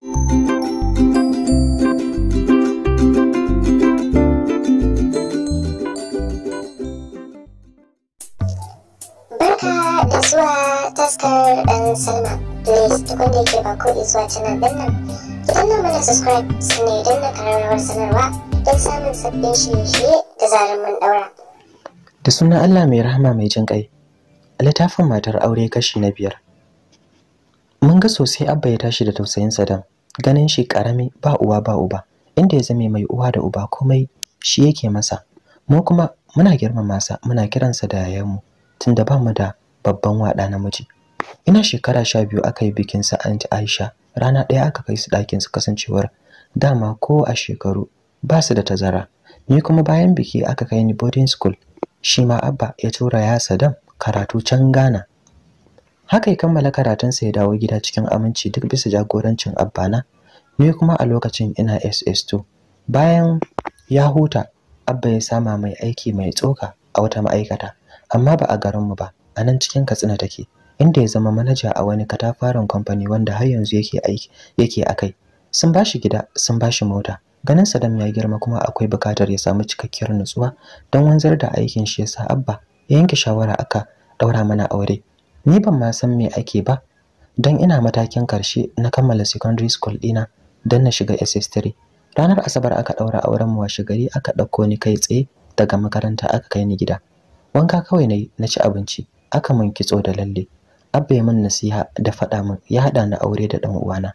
Barka da zuwa taskar ɗan Salma. Please duk wanda yake ba ko zuwa canal ɗin nan. mana subscribe sannan ya danna ƙararrawar sanarwa don samun sabbin shirye-shirye da zarar mun ɗaura. Da sunan Allah mai rahama mai jin ƙai. A littafin matar aure kashi na biyar. mun ga sosai abba ya tashi da tausayin dan ganin shi karami ba uwa ba uba inda ya zame mai uwa da uba komai shi yake masa mu kuma muna girmama sa muna kiransa da yayanmu tunda ba mu da babban wada namiji ina shekara sha biyu aka yi bikin sa anti aisha rana ɗaya aka kai su ɗakin su kasancewar dama ko a shekaru ba su da tazara ni kuma bayan biki aka kai ni boarding school shi ma abba ya tura ya sadam karatu can ghana haka ya kammala karatunsa ya dawo gida cikin aminci duk bisa jagorancin abbana ni kuma a lokacin ina ss2 bayan ya huta abba ya sama mai aiki mai tsoka a wata ma'aikata amma ba a garinmu ba a nan cikin katsina take inda ya zama manaja a wani katafaren kamfani wanda har yanzu yake aiki yake a kai sun bashi gida sun bashi mota ganin sadam ya girma kuma akwai bukatar ya samu cikakkiyar nutsuwa don wanzar da aikin shi yasa abba ya yanke shawara aka daura mana aure ni ban ma san me ake ba don ina matakin karshe na kammala secondary school ɗina don na shiga SS3 ranar asabar aka ɗaura auren mu washe gari aka ɗauko ni kai tsaye daga makaranta aka kai ni gida wanka kawai na na ci abinci aka mun kitso da lalle abba ya min nasiha da faɗa min ya haɗa ni aure da ɗan uwana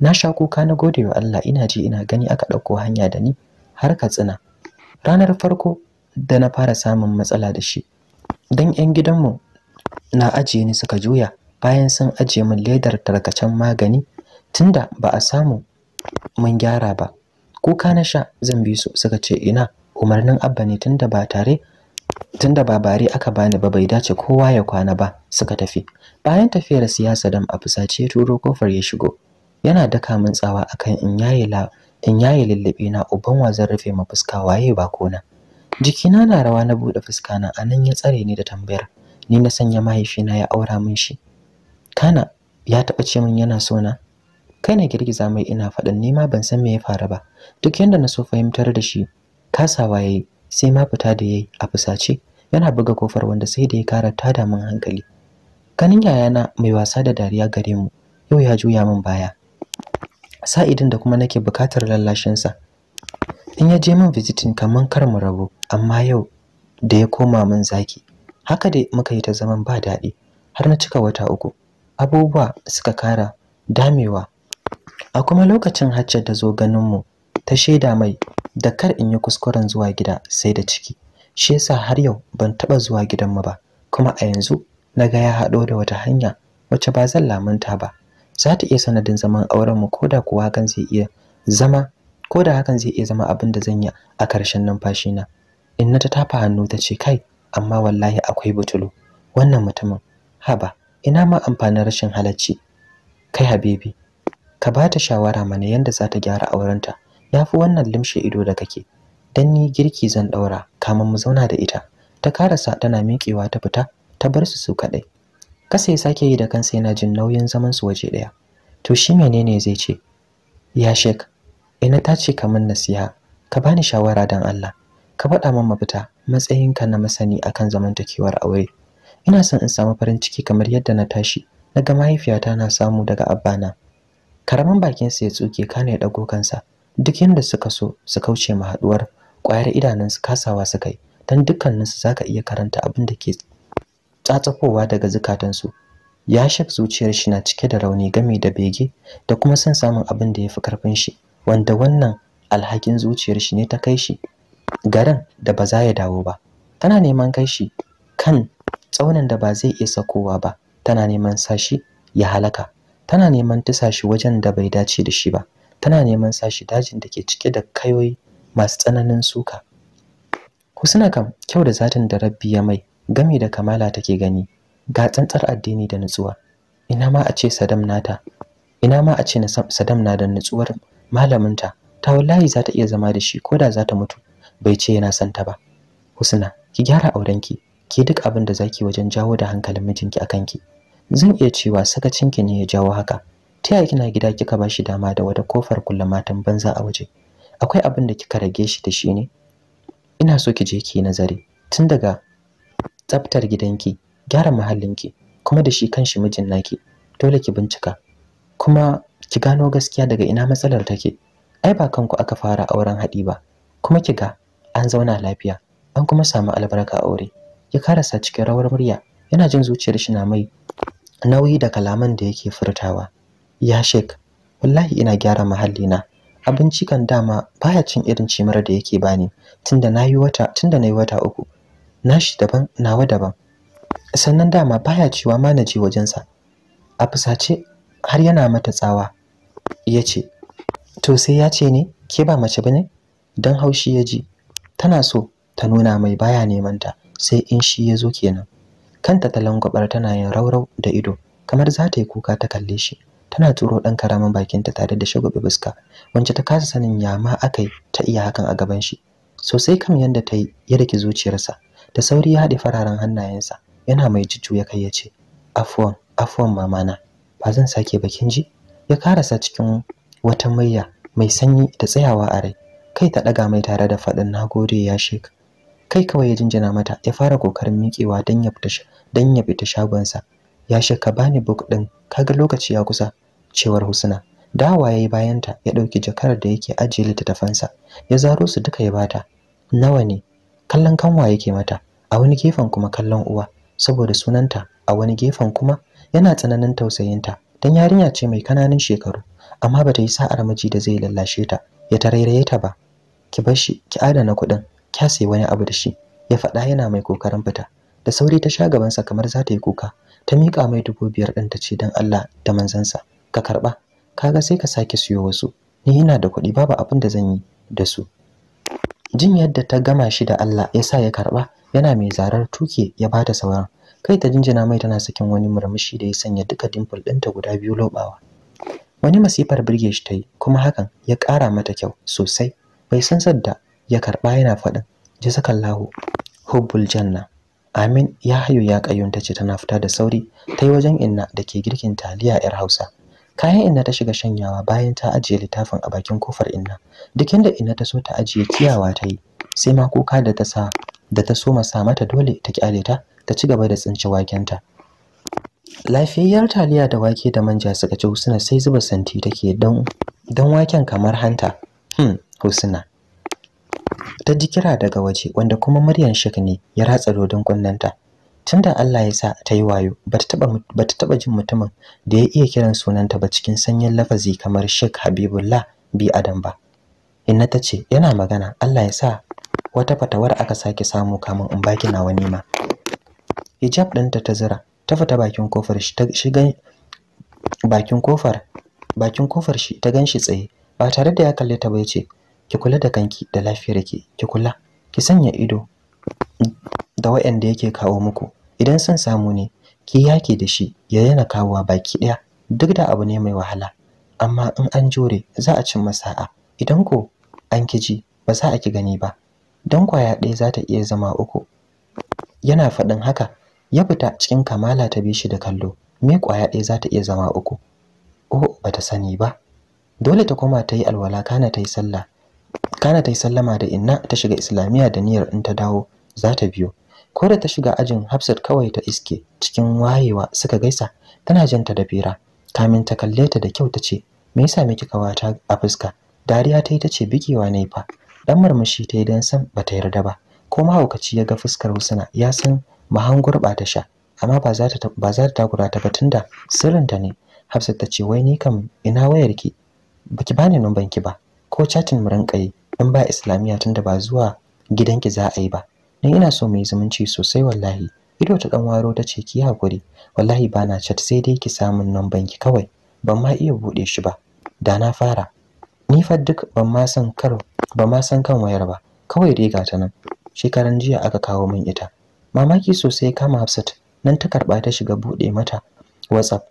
na sha kuka na gode wa Allah ina ji ina gani aka ɗauko hanya da ni har Katsina ranar farko da na fara samun matsala da shi dan 'yan gidanmu na ajiye ni suka juya bayan sun ajiye min ledar tarkacen magani tunda ba a samu mun gyara ba kuka na sha zan bi su suka ce ina umarnin abba ne tunda ba tare tunda ba bare aka bani ba bai dace kowa ya kwana ba suka tafi bayan tafiyar siyasa dam a fusace turo kofar ya shigo yana daka min tsawa akan in yayi la in yayi lullube na uban wa rufe ma fuska waye ba kona jikina na rawa na buɗe fuska na anan ya tsare ni da tambayar ni na sanya mahaifina ya aura min shi kana ya taɓa ce min yana so na kai na girgiza mai ina faɗan nima ban san me ya faru ba duk yanda na so fahimtar da shi kasawa yayi sai ma fita da yayi a fusace yana buga kofar wanda sai da ya kara tada min hankali kanin yayana mai wasa da dariya gare mu yau ya juya min baya sa'idin da kuma nake bukatar lallashinsa in ya je min visiting kaman kar mu rabu amma yau da ya koma min zaki haka dai muka yi ta zaman ba daɗi har na cika wata uku abubuwa suka kara damewa a kuma lokacin haccar da zo ganinmu ta shaida mai da kar in yi kuskuren zuwa gida sai da ciki shi yasa har yau ban taɓa zuwa gidanmu ba kuma a yanzu na ga ya haɗo da wata hanya wacce ba zan lamunta ba za ta iya sanadin zaman aurenmu ko da kuwa hakan zai iya zama ko da hakan zai iya zama abin da zan yi a ƙarshen numfashina in na ta tafa hannu ta ce kai amma wallahi akwai butulu wannan mutumin haba ina ma amfanin rashin halacci kai habibi ka ba ta shawara mana yanda za ta gyara aurenta fi wannan limshe ido da kake dan ni girki zan daura Kamar mu zauna da ita ta karasa tana miƙewa ta fita ta bar su su kadai kasa ya sake yi da kansa yana jin nauyin zaman su waje ɗaya. to shi menene zai ce ya shek ina ta ce kaman nasiha ka bani shawara dan Allah ka faɗa min mafita matsayinka na masani akan zamantakewar aure ina son in samu farin ciki kamar yadda na tashi Na ga mahaifiyata na samu daga abbana karaman sa ya tsuke kana ya dago kansa duk yanda suka so su kauce ma haduwar kwayar idanunsu kasawa suka yi dan dukkaninsu zaka iya karanta abin da ke tsatsafowa daga su ya shak zuciyar shi na cike da rauni game da bege da kuma son samun abin da yafi fi karfin shi wanda wannan alhakin zuciyar shi ne ta kai shi garin da ba za ya dawo ba tana neman kai kan tsaunin da ba zai iya sakowa ba tana neman sashi ya halaka tana neman tusa wajen da bai dace da shi ba tana neman sashi dajin da ke cike da kayoyi masu tsananin suka husna kam kyau da zatin da rabbi ya mai gami da kamala take gani ga tsantsar addini da nutsuwa ina ma a ce sadam nata ina ma a ce sadam na da nutsuwar malaminta ta wallahi za ta iya zama da shi ko da za ta mutu bai ce yana son ta ba husna ki gyara aurenki ki duk abin da zaki wajen jawo da hankalin mijinki akan ki zan iya cewa sakacinki ne ya jawo haka ta yaya kina gida kika ba shi dama da wata kofar kulle matan banza a waje akwai abin da kika rage shi da shi ne ina so ki je ki nazari tun daga tsaftar gidanki gyara mahallinki kuma da shi kanshi mijin naki dole ki bincika kuma ki gano gaskiya daga ina matsalar take ai ba kanku aka fara auren haɗi ba kuma ki ga an zauna lafiya an kuma samu albarka aure ya karasa cikin rawar murya yana jin zuciyar shi na mai nauyi da kalaman da yake furtawa ya shek wallahi ina gyara mahalli na abinci kan dama baya cin irin cimar da yake bani tunda nayi wata tunda nayi wata uku nashi daban nawa daban sannan dama baya cewa ma na je wajensa a fusace har yana mata tsawa yace to sai ya ce ne ke ba mace bane dan haushi ya ji tana so ta nuna mai baya neman ta sai in shi ya zo kenan kanta ta langwabar tana yin raurau da ido kamar za ta yi kuka ta kalle shi tana turo dan karamin bakinta tare da shagube fuska wance ta kasa sanin ya ma akai ta iya hakan a gaban shi sosai kan yanda ta yi ya dake zuciyarsa da sauri ya haɗe fararen hannayensa yana mai ya kai ya ce afwan afwan mamana ba zan sake bakin ji ya karasa cikin wata murya mai sanyi da tsayawa a rai kai ta ɗaga mai tare da faɗin na gode ya shek kai kawai ya jinjina mata ya fara kokarin miƙewa don ya fita dan ya fita shagonsa ya shek bani book ɗin kaga lokaci ya kusa cewar husna dawa yayi bayan bayanta ya ɗauki jakar da yake ajiye littattafansa ya zaro su duka ya bata nawa ne kallon kanwa yake mata a wani gefen kuma kallon uwa saboda sunanta a wani gefen kuma yana tsananin tausayinta dan yarinya ce mai kananan shekaru amma bata yi sa'ar miji da zai lallashe ta ya tarairaye ta ba ki bar shi ki adana kuɗin kya sayi wani abu da shi ya faɗa yana mai kokarin fita da sauri ta sha gabansa kamar za ta yi kuka ta miƙa mai dubu biyar ɗin ta ce dan Allah da manzansa ka karɓa kaga sai ka sake siyo wasu ni ina da kuɗi babu abin da zan yi da su jin yadda ta gama shi da Allah ya sa ya karɓa yana mai zarar tuke ya bata sauran kai ta jinjina mai tana sakin wani murmushi da ya sanya duka dimple ɗinta guda biyu lobawa wani masifar birge shi ta yi kuma hakan ya ƙara mata kyau sosai bai san sadda ya karba yana faɗin jazakallahu hubbul janna amin ya hayo ya kayunta ce tana fita da sauri ta yi wajen inna da ke girkin taliya yar hausa kayan inna ta shiga shanyawa bayan ta ajiye littafin a bakin kofar inna duk inda inna ta so ta ajiye kiyawa ta yi sai ma kuka da ta sa da ta so masa mata dole ta kyale ta ta ci gaba da tsinci wakenta lafiyayyar taliya da wake da manja suka ci husna sai zuba santi take dan dan waken kamar hanta hmm Husna ta ji kira daga waje wanda kuma muryar shek ne ya ratsa dodon kunnanta tunda Allah ya sa ta yi wayo bata taba bata jin mutumin da ya iya kiran sunanta ba cikin sanyin lafazi kamar Sheikh Habibullah bi Adam ba inna ta ce yana magana Allah ya sa wata fatawar aka sake samu kamun in baki nawa ma. hijab ɗinta ta zira ta fita bakin kofar shi ta shiga shi ganshi tsaye ba tare da ya kalli ta ba ce. ki kula da kanki da lafiyar ki ki kula ki sanya ido da waɗanda yake kawo muku idan san samu ne ki yake da shi ya yana kawowa baki ɗaya duk da abu ne mai wahala amma in an jure za a cin masa'a idan ko an kiji ba za a ki gani ba dan kwaya ɗaya za ta iya zama uku yana faɗin haka ya fita cikin kamala ta bi shi da kallo me kwaya ɗaya za ta iya zama uku oh bata sani ba dole ta koma ta yi alwala kana ta yi sallah kana ta yi sallama da inna ta shiga islamiyya da niyyar in ta dawo za ta biyo ko da ta shiga ajin hafsat kawai ta iske cikin wayewa suka gaisa tana janta da fira kamin ta kalle ta da kyau ta ce me yasa miki kawata a fuska dariya ta yi ta ce bikewa ne fa dan murmushi ta yi dan san ba ta yarda ba ko mahaukaci ya ga fuskar husna ya san mahangur ba ta sha amma ba za ta ba za ta takura ta ba tunda sirrinta ne hafsat ta ce wai ni kam ina wayarki baki bani numbanki ba ko chatin mu in ba islamiyya tunda ba zuwa gidanki za a yi ba dan ina so mai zumunci sosai wallahi ido ta dan waro ta ce ki hakuri wallahi bana chat sai dai ki samu nan ki kawai ban ma iya bude shi ba da na fara ni fa duk ban ma san karo ba ma san kan wayar ba kawai dai ga ta nan shekaran jiya aka kawo min ita mamaki sosai kama Hafsat nan ta karba ta shiga bude mata WhatsApp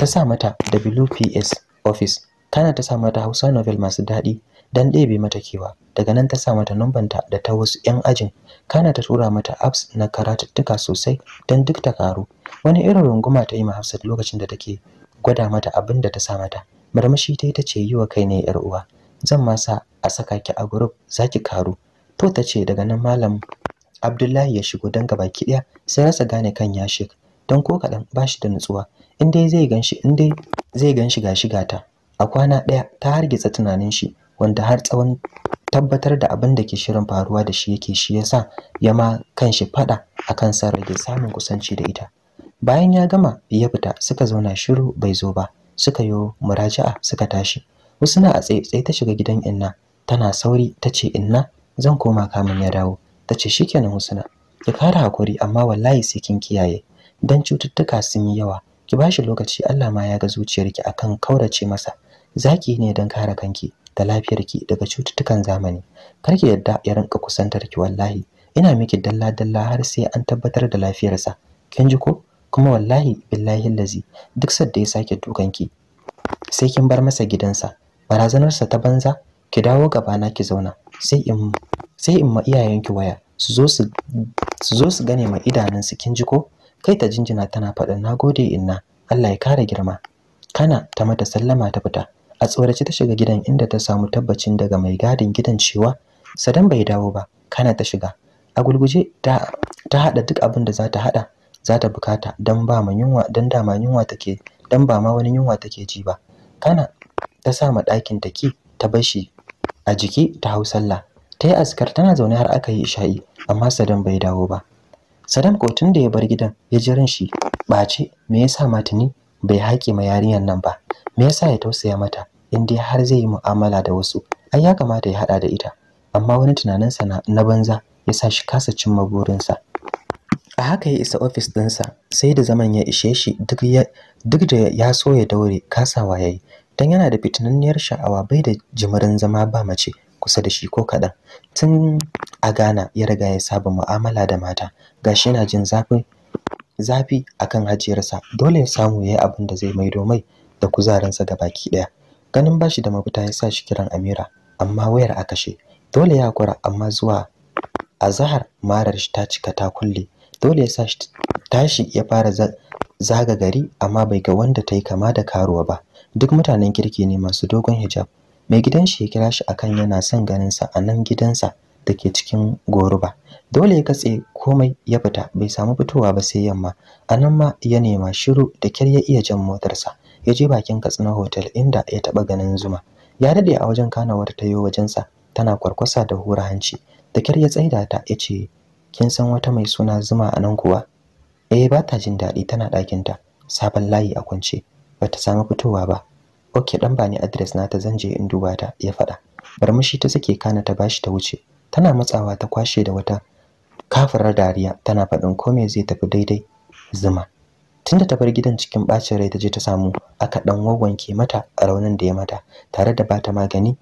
ta sa mata WPS office tana ta sa mata Hausa novel masu daɗi dan ɗebe mata kewa daga nan ta sa mata numbanta da ta wasu 'yan ajin kana ta tura mata apps na karatuttuka sosai don duk ta karu wani irin runguma ta yi ma Hafsat lokacin da take gwada mata abin da ta sa mata marmashi ta yi ta ce yiwa kai ne yar uwa zan ma sa a saka ki a group zaki karu to ta ce daga nan malam Abdullahi ya shigo don gaba ɗaya sai rasa gane kan ya shek don ko kaɗan bashi da nutsuwa in dai zai ganshi in dai zai ganshi ga shiga ta a kwana ɗaya ta hargitsa tunanin shi wanda har tsawon tabbatar da abin da ke shirin faruwa da shi yake shi yasa ya ma kan shi fada akan sa rage samun kusanci da ita bayan ya gama ya fita suka zauna shiru bai zo ba suka yo muraja'a suka tashi Husna a tsaye ta shiga gidan Inna tana sauri ta ce Inna zan koma kamun ya dawo Ta tace kenan Husna ki kara hakuri amma wallahi sai kin kiyaye dan cututtuka sun yi yawa ki bashi lokaci Allah ma ya ga zuciyarki akan kaurace masa zaki ne don kare kanki da lafiyarki daga cututtukan zamani kar ki yadda ya rinka kusantar ki wallahi ina miki dalla dalla har sai an tabbatar da lafiyarsa kin ji ko kuma wallahi billahi lazi duk sadda ya sake ki, sai kin bar masa gidansa barazanarsa ta banza ki dawo gaba na ki zauna sai in sai in ma iyayenki waya su zo su zo su gane ma idanunsu kin ji ko kai ta jinjina tana faɗin nagode inna Allah ya kare girma kana ta mata sallama ta fita a tsoraci ta shiga gidan inda ta samu tabbacin daga mai gadin gidan cewa sadan bai dawo ba kana ta shiga a gulguje ta hada duk abin da za ta hada za ta bukata dan ba ma yunwa dan da ma yunwa take dan ba ma wani yunwa take ji ba kana ta sa ma ɗakin ta ki ta bashi a jiki ta hau sallah ta yi askar tana zaune har aka yi isha'i amma sadan bai dawo ba sadan ko tun da ya bar gidan ya ji ran shi ɓace me yasa ma tuni bai haƙi ma yarinyar nan ba me yasa ya tausaya mata in dai har zai yi mu'amala da wasu ai ya kamata ya hada da ita amma wani tunanin sa na banza ya sa shi kasa cimma burinsa a haka ya isa ofis ɗinsa sai da zaman ya ishe shi duk da ya so ya daure kasawa ya yi don yana da fitinanniyar sha'awa bai da jimirin zama ba mace kusa da shi ko kaɗan tun a gana ya riga ya saba mu'amala da mata gashi yana jin zafin zafi akan hajiyarsa dole ya samu yayi abin da zai maido mai da kuzarinsa ga baki daya ganin bashi da mafita ya sa shi kiran Amira amma wayar a kashe dole ya kura. amma zuwa azahar marar shi ta cika ta kulle dole ya sa shi tashi ya fara zaga gari amma bai ga wanda ta yi kama da karuwa ba duk mutanen kirki ne masu dogon hijab mai gidan shi ya kira shi akan yana son ganin sa a nan gidansa da ke cikin goruba dole ya katse komai ya fita bai samu fitowa ba sai yamma anan ma ya nema shiru da kyar ya iya jan motarsa ya je bakin katsina hotel inda ya taba ganin zuma ya dade a wajen kanawar ta yo wajensa tana kwarkwasa da hura hanci da kyar ya tsaida ta ya ce kin san wata mai suna zuma a nan kuwa eh ba ta jin daɗi tana ɗakinta sabon layi a kwance ba ta samu fitowa ba ok dan ba ni adres nata zan je in duba ta ya faɗa barmishi ta sake kana ta bashi ta wuce tana matsawa ta kwashe da wata kafirar dariya tana faɗin komai zai tafi daidai zuma tunda ta bar gidan cikin bacin rai ta je ta samu aka dan wawwanke mata raunin da ya mata tare da bata magani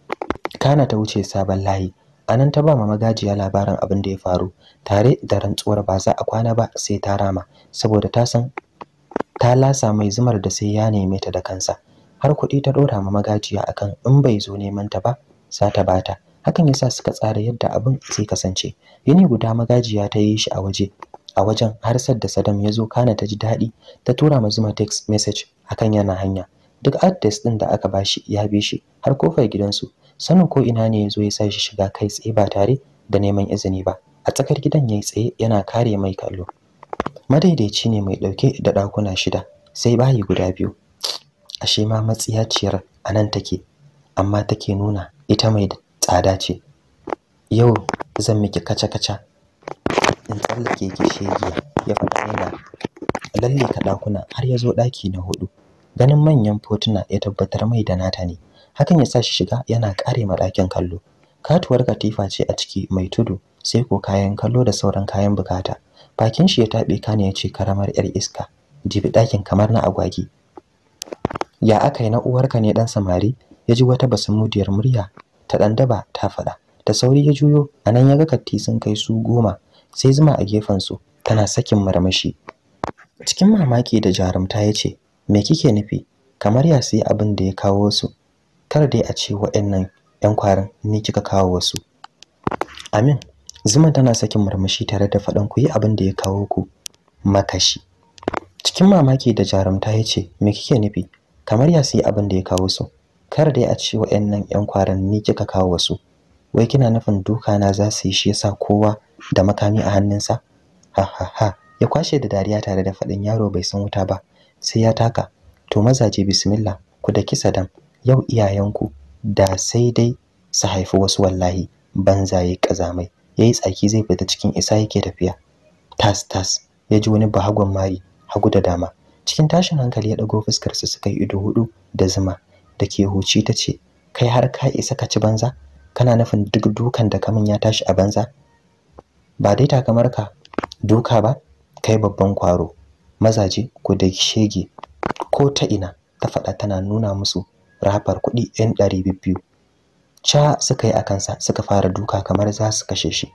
kana ta wuce sabon layi anan ta ba ma magajiya labarin abin da ya faru tare da rantsuwar ba za a kwana ba sai ta rama saboda ta san ta lasa mai zumar da sai ya neme ta da kansa har kuɗi ta ɗora ma magajiya akan in bai zo neman ta ba za ta bata hakan yasa suka tsara yadda abin zai kasance yini guda magajiya ta yi shi a waje a wajen har da Sadam ya zo kana ta ji daɗi ta tura ma Zuma text message Hakan yana hanya duk address din da aka bashi ya bi shi har kofar gidansu sanin ko ina ne ya zo ya sa shi shiga kai tsaye ba tare da neman izini ba a tsakar gidan yayi tsaye yana kare mai kallo madaidaici ne mai ɗauke da ɗakuna shida sai bayi guda biyu ashe ma matsiyaciyar anan take amma take nuna ita mai da tsada ce yau zan miki kaca-kaca in tsallake ki shege ya faɗa yana lalle ka ɗakuna har ya zo ɗaki na hudu ganin manyan fotuna ya tabbatar mai da nata ne hakan ya sa shi shiga yana kare ma ɗakin kallo katuwar katifa ce a ciki mai tudu sai ko kayan kallo da sauran kayan bukata bakin shi ya taɓe kana ya ce karamar yar iska jibi ɗakin kamar na agwagi ya aka yi na uwarka ne dan samari ya ji wata basamudiyar murya ta dan daba ta faɗa da sauri ya juyo a nan ya ga katti sun kai su goma sai zuma a su tana sakin marmashi cikin mamaki da jarumta yace ce me kike nufi kamar ya sai abin da ya kawo su kar dai a ce waɗannan 'yan kwarin ni kika kawo wasu amin zuma tana sakin murmushi tare da faɗan ku yi abin da ya kawo ku makashi cikin mamaki da jarumta yace me kike nufi kamar ya sai abin da ya kawo su kar dai a ce wa'annan yan kwaranni kika kawo wasu wai kina nufin duka na za su yi shi yasa kowa da makami a hannunsa ha ha ha ya kwashe da dariya tare da faɗin yaro bai san wuta ba sai ya taka to mazaje bismillah ku da kisa dan yau iyayenku da sai dai su haifi wasu wallahi banzaye kazamai yayi tsaki zai fita cikin isa yake tafiya tas tas ya ji wani bahagon mari hagu da dama cikin tashin hankali ya dago fuskarsa sa suka yi ido hudu da zuma da ke huci ta ce kai har ka isa ka ci banza kana nufin duk dukan da kamun ya tashi a banza ba dai ta kamar ka duka ba kai babban kwaro mazaje ku da shege ko ta ina ta faɗa tana nuna musu rafar kuɗi 'yan ɗari biyu ca suka yi a kansa suka fara duka kamar za su kashe shi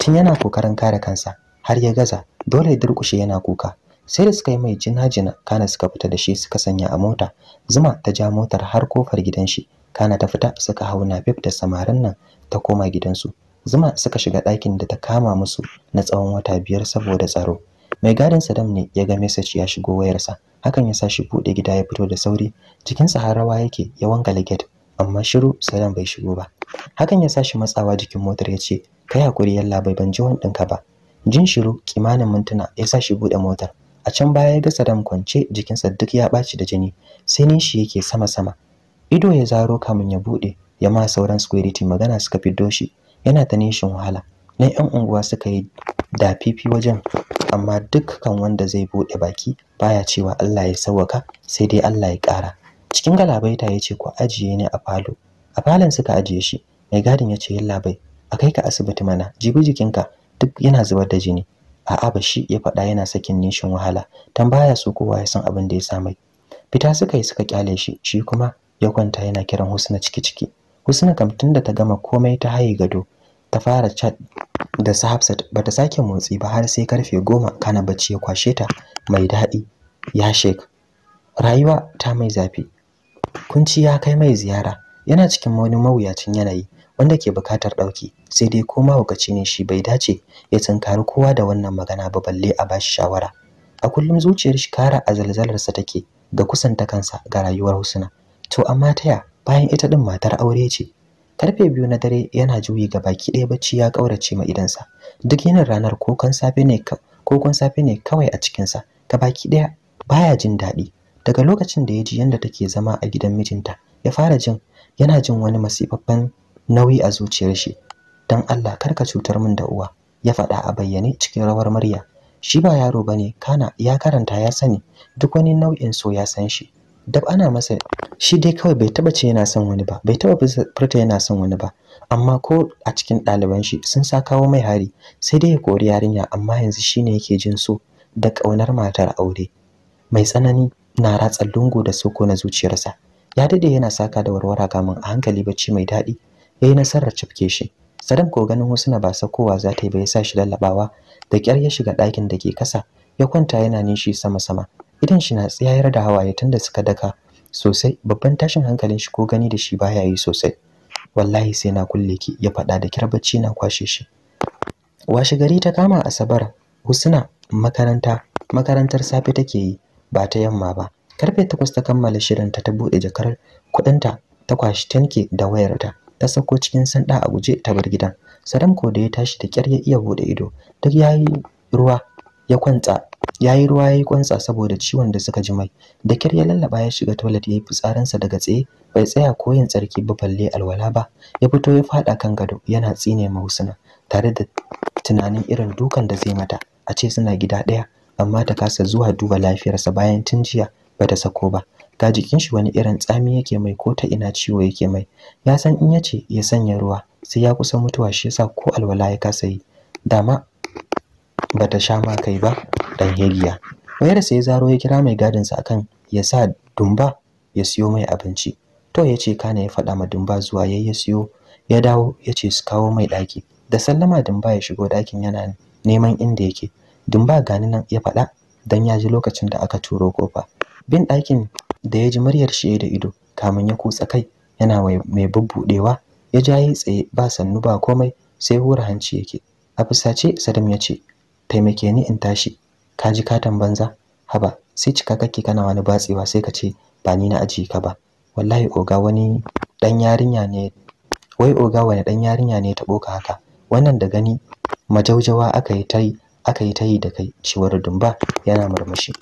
tun yana kokarin kare kansa har ya gaza dole ya durƙushe yana kuka sai da suka yi mai jina-jina kana suka fita da shi suka sanya a mota zuma ta ja motar har kofar gidan shi kana ta fita suka hau nafif da samarin nan ta koma gidansu zuma suka shiga ɗakin da ta kama musu na tsawon wata biyar saboda tsaro mai gadin sadam ne ya ga message ya shigo wayarsa hakan ya sa shi buɗe gida ya fito da sauri jikinsa har rawa yake ya wanga gate amma shiru sadam bai shigo ba hakan ya sa shi matsawa jikin motar ya ce kai hakuri yalla bai ban ji ɗinka ba jin shiru kimanin mintuna ya sa shi buɗe motar a can baya ya ga Saddam kwance jikinsa duk ya ɓaci da jini sai nishi yake sama sama ido ya zaro kamun ya bude ya ma sauran security magana suka fiddo shi yana ta nishin wahala na yan unguwa suka yi da fifi wajen amma dukkan wanda zai bude baki baya cewa Allah ya sauwaka sai dai Allah ya kara cikin galabaita ya ce ku ajiye ni a falo a falon suka ajiye shi mai gadin ya ce yallabai, a kai ka asibiti mana jibi jikinka duk yana zubar da jini a'a ba shi ya faɗa yana sakin nishin wahala tan baya so kowa ya san abin da ya sa fita suka yi suka kyale shi shi kuma ya kwanta yana kiran Husna ciki ciki Husna kam da ta gama komai ta haye gado ta fara chat da su Hafsat bata sake motsi ba har sai karfe goma kana bacci ya kwashe ta mai daɗi ya shek rayuwa ta mai zafi kunci ya kai mai ziyara yana cikin wani mawuyacin yanayi wanda ke bukatar ɗauki sai dai ko mahaukaci ne shi bai dace ya tsinkari kowa da wannan magana ba balle a bashi shawara a kullum zuciyar shi kara a zalzalarsa take ga kusanta kansa ga rayuwar Husna to amma taya bayan ita din matar aure ce karfe biyu na dare yana juyi ga baki ɗaya bacci ya ƙaurace ma idansa duk yanin ranar kokon safe ne kokon safe ne kawai a cikinsa ga baki ɗaya baya jin daɗi daga lokacin da ya ji yadda take zama a gidan mijinta ya fara jin yana jin wani masifaffen nauyi a zuciyar shi dan Allah kar ka cutar min da uwa ya faɗa a bayyane cikin rawar murya shi ba yaro bane kana ya karanta ya sani duk wani nau'in so ya san shi dab ana masa shi dai kawai bai taba ce yana son wani ba bai taba furta yana son wani ba amma ko a cikin ɗaliban shi sun sa kawo mai hari sai dai ya kori yarinya amma yanzu shine yake jin so da ƙaunar matar aure mai tsanani na ratsa lungu da soko na zuciyarsa ya dade yana saka da warwara kamun a hankali bacci mai daɗi yayi nasarar cifke shi sadan ko ganin Husna ba sakowa za ta yi ba ya sa shi lallabawa da kyar ya shiga ɗakin da ke kasa ya kwanta yana nishi sama-sama idan shi na tsayar da hawaye tunda suka daka sosai babban tashin hankalin shi ko gani da shi baya yi sosai wallahi sai na kulle ki ya faɗa da kyar bacci na kwashe shi washe gari ta kama asabar husna makaranta makarantar safe take yi ba ta yamma ba karfe takwas ta kammala shirin ta ta buɗe jakar kuɗinta ta kwashi tanke da wayarta ta sako cikin sanda a guje ta bar gidan sadam ko da ya tashi da kyar ya iya bude ido duk yayi ruwa ya kwanta yayi ruwa yayi kwantsa saboda ciwon da suka ji mai da kyar ya lallaba ya shiga toilet yayi fitsarinsa daga tsaye bai tsaya ko yin tsarki ba balle alwala ba ya fito ya fada kan gado yana tsine ma tare da tunanin irin dukan da zai mata a ce suna gida daya amma ta kasa zuwa duba lafiyarsa bayan tun jiya bata sako ba ga jikin shi wani irin tsami yake mai ko ta ina ciwo yake mai ya san in ya ce ya sanya ruwa sai ya kusa mutuwa shi yasa ko alwala ya kasa yi dama bata sha ma kai ba dan heliya wayar sai zaro ya kira mai gadin sa akan ya sa dumba ya siyo mai abinci to ya ce kana ya faɗa ma dumba zuwa yayi ya siyo ya dawo ya ce su kawo mai ɗaki da sallama dumba ya shigo ɗakin yana neman inda yake dumba gani nan ya faɗa dan ya ji lokacin da aka turo kofa bin ɗakin da ya ji muryar shi da ido kamun ya kutsa kai yana mai bubbudewa ya ja yi tsaye ba sannu ba komai sai hura hanci yake a fusace sadam ya ce taimake ni in tashi ka ji katon banza haba sai cika kake kana wani batsewa sai ka ce ba ni na aji ka ba wallahi oga wani dan yarinya ne wai oga wani dan yarinya ne ta boka haka wannan da gani majaujawa aka yi tai aka yi tayi da kai ciwar dumba yana murmushi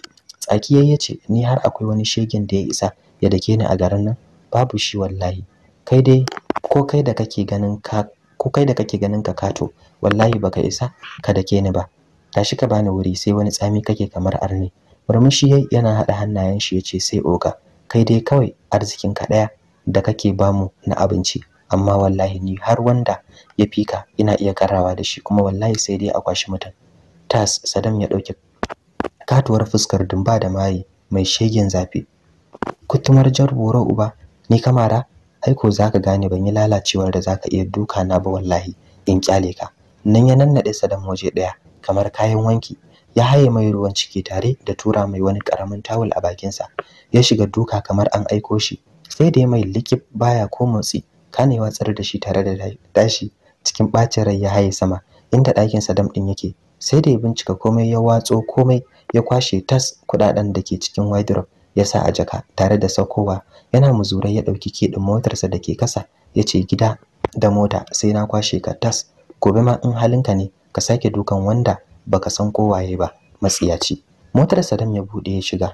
tsaki yayi ce ni har akwai wani shegen da ya isa ya dake ni a garin nan babu shi wallahi kai dai ko kai da kake ganin ka ko kai da kake ganin ka kato wallahi baka isa ka dake ni ba tashi ka bani wuri sai wani tsami kake kamar arne murmushi yana hada hannayen shi yace sai oga kai dai kawai arzikin ka daya da kake bamu na abinci amma wallahi ni har wanda ya fika ina iya karawa da shi kuma wallahi sai dai a kwashi mutum tas sadam ya dauke katuwar fuskar dumba da maye mai shegen zafi kutumar jarbora uba ni kamara aiko zaka gane ban yi lalacewar da zaka iya duka na ba wallahi in kyale ka nan ya nannade sadan waje daya kamar kayan wanki ya haye mai ruwan ciki tare da tura mai wani karamin tawul a bakinsa ya shiga duka kamar an aiko shi sai da ya mai likif baya ko motsi kane watsar da shi tare da tashi cikin bacin rai ya haye sama inda ɗakin sadam din yake sai da ya bincika komai ya watso komai ya kwashe tas kudaden da ke cikin wardrobe ya sa a jaka tare da saukowa yana muzurai ya dauki kedin motarsa da ke kasa ya ce gida da mota sai na kwashe ka tas gobe ma in halinka ne ka sake dukan wanda baka san ko waye ba matsiyaci Motarsa Sadam ya bude ya shiga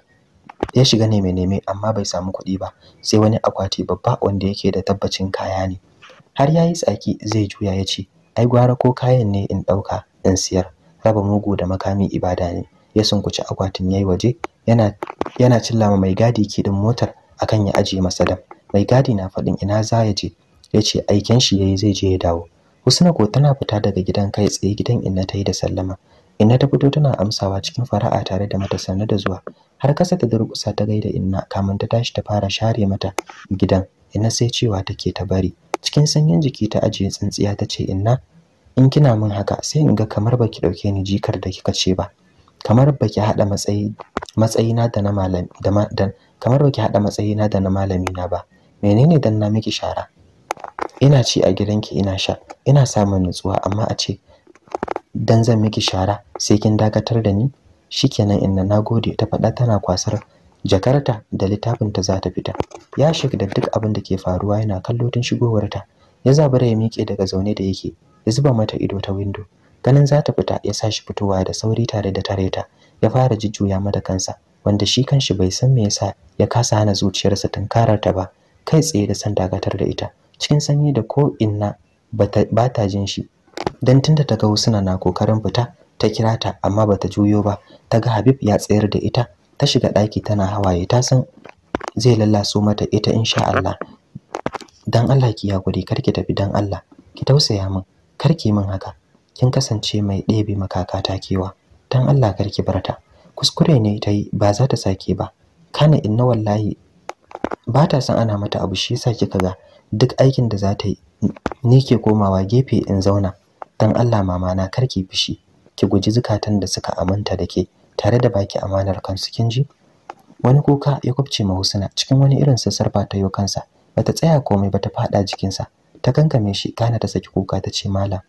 ya shiga ne mai neme amma bai samu kuɗi ba sai wani akwati babba wanda yake da tabbacin kaya ne har yayi tsaki zai juya ya ce ai gwara ko kayan ne in dauka in siyar raba mugu da makami ibada ne ya sunkuci akwatin yayi waje yana yana cillama mai gadi kidin motar akan ya aje masa dam mai gadi na faɗin ina za ya je yace aikin shi yayi zai je ya dawo Husna ko tana fita daga gidan kai tsaye gidan Inna ta yi da sallama Inna ta fito tana amsawa cikin fara'a tare da mata sanne da zuwa har kasa ta durƙusa ta gaida Inna kamun ta tashi ta fara share mata gidan Inna sai cewa take ta bari cikin sanyin jiki ta ajiye tsintsiya tace Inna in kina min haka sai in ga kamar baki dauke ni jikar da kika ce ba kamar baki hada matsayi matsayina da na malami da kamar baki hada na da na malami na ba menene dan na miki shara ina ci a gidanki ina sha ina samun nutsuwa amma a ce dan zan miki shara sai kin dakatar da ni shikenan inna nagode ta faɗa tana kwasar jakarta da littafin ta za ta fita ya shiga da duk abin da ke faruwa yana kallo tun shigowarta ya zabura ya miƙe daga zaune da yake ya zuba mata ido ta windo ganin za ta fita ya sa shi fitowa da sauri tare da tareta ya fara jujjuya mata kansa wanda shi kanshi bai san me yasa ya kasa hana zuciyarsa tunkarar ta ba kai tsaye da san dakatar da ita cikin sanyi da ko inna ba ta jin shi dan tunda ta ga wasu na kokarin fita ta kira ta amma bata juyo ba ta ga Habib ya tsayar da ita ta shiga ɗaki tana hawaye ta san zai lallaso mata ita insha Allah dan Allah ki ya kar ki tafi dan Allah ki tausaya min kar ki min haka kin kasance mai ɗebe makakata kewa dan Allah karki barta kuskure ne ta yi ba za ta sake ba kana inna wallahi ba ta san ana mata abu shi yasa kika ga duk aikin da za ta yi ni ke komawa gefe in zauna dan Allah mama na karki fishi ki guji zukatan da suka aminta da ke tare da baki amanar kansu kin ji wani kuka ya kubce ma Husna cikin wani irin sassarfa ta yi kansa bata tsaya komai ba bata fada jikinsa ta kankame shi kana ta saki kuka ta ce malam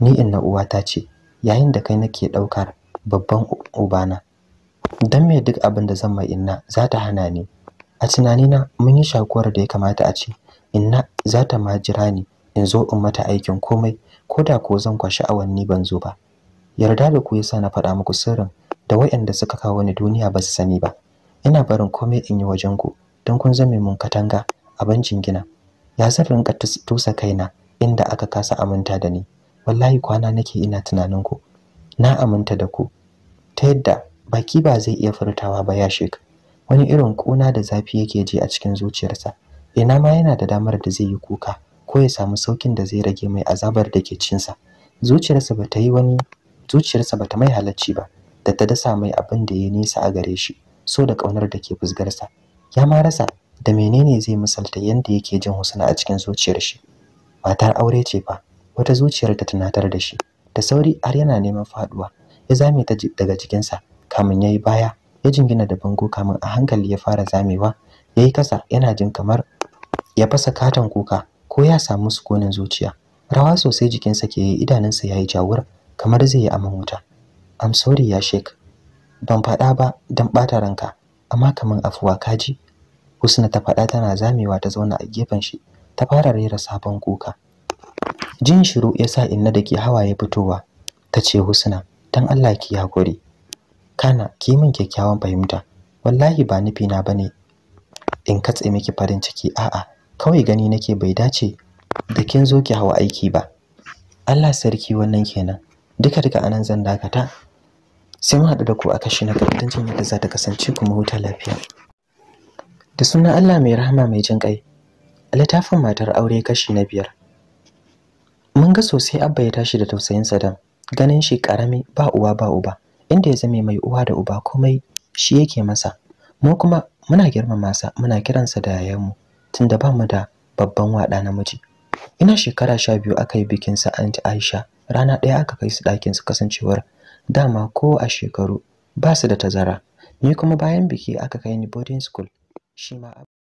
ni inna Uwa ta ce yayin da kai nake ɗaukar babban ubana dan me duk abin da zan mai inna za ta hana ni a tunani na, mun yi shakuwar da ya kamata a ce inna za ta ma jira ni in zo in mata aikin komai ko da ko zan kwashi awanni ban zo ba yarda da ku yasa na faɗa muku sirrin da waɗanda suka kawo ni duniya ba su sani ba ina barin komai in yi wajen ku don kun zame mun katanga a bancin gina ya zan rinka tusa kaina inda aka kasa aminta da ni wallahi kwana nake ina tunanin ku na aminta da ku ta yadda baki ba zai iya furtawa ba ya shek wani irin kuna da zafi yake ji a cikin zuciyarsa ina ma yana da damar da zai yi kuka ko ya samu saukin da zai rage mai azabar da ke cinsa zuciyarsa ba ta yi wani zuciyarsa ba ta mai halacci ba da ta dasa mai abin da ya nisa a gare shi so da kaunar da ke fusgarsa ya ma rasa da menene zai misalta yadda yake jin husna a cikin zuciyar shi matar aure ce fa wata zuciyar ta tunatar da shi da sauri har yana neman faduwa ya zame ta daga jikinsa kamin yayi baya ya jingina da bango kamin a hankali ya fara zamewa yayi kasa yana jin kamar ya fasa katon kuka ko ya samu sukunin zuciya rawa sosai jikinsa ke yi idanunsa yayi jawur kamar zai yi aman wuta I'm sorry ya shek ban faɗa ba dan ɓata ranka amma kaman afuwa kaji Husna ta faɗa tana zamewa ta zauna a gefen shi ta fara rera sabon kuka jin shiru ya sa inna da ke ya fitowa ta ce husna dan allah ki hakuri kana ki min kyakkyawan fahimta wallahi ba nufi na bane in katse miki farin ciki a'a kawai gani nake bai dace da kin zo ki hawa aiki ba Allah sarki wannan kenan duka duka anan zan dakata sai mu haɗu da ku a kashi na gaba don yadda za ta kasance kuma huta lafiya da sunan Allah mai rahama mai jin ƙai a littafin matar aure kashi na biyar mun ga sosai abba ya tashi da tausayin dan. ganin shi karami ba uwa ba uba inda ya zame mai uwa da uba komai shi yake masa mu kuma muna girmama sa muna kiransa da yayanmu tunda ba mu da babban wada namiji ina shekara sha biyu aka yi bikin sa anti aisha rana ɗaya aka kai su ɗakin su kasancewar dama ko a shekaru ba su da tazara ni kuma bayan biki aka kai ni boarding school shi ma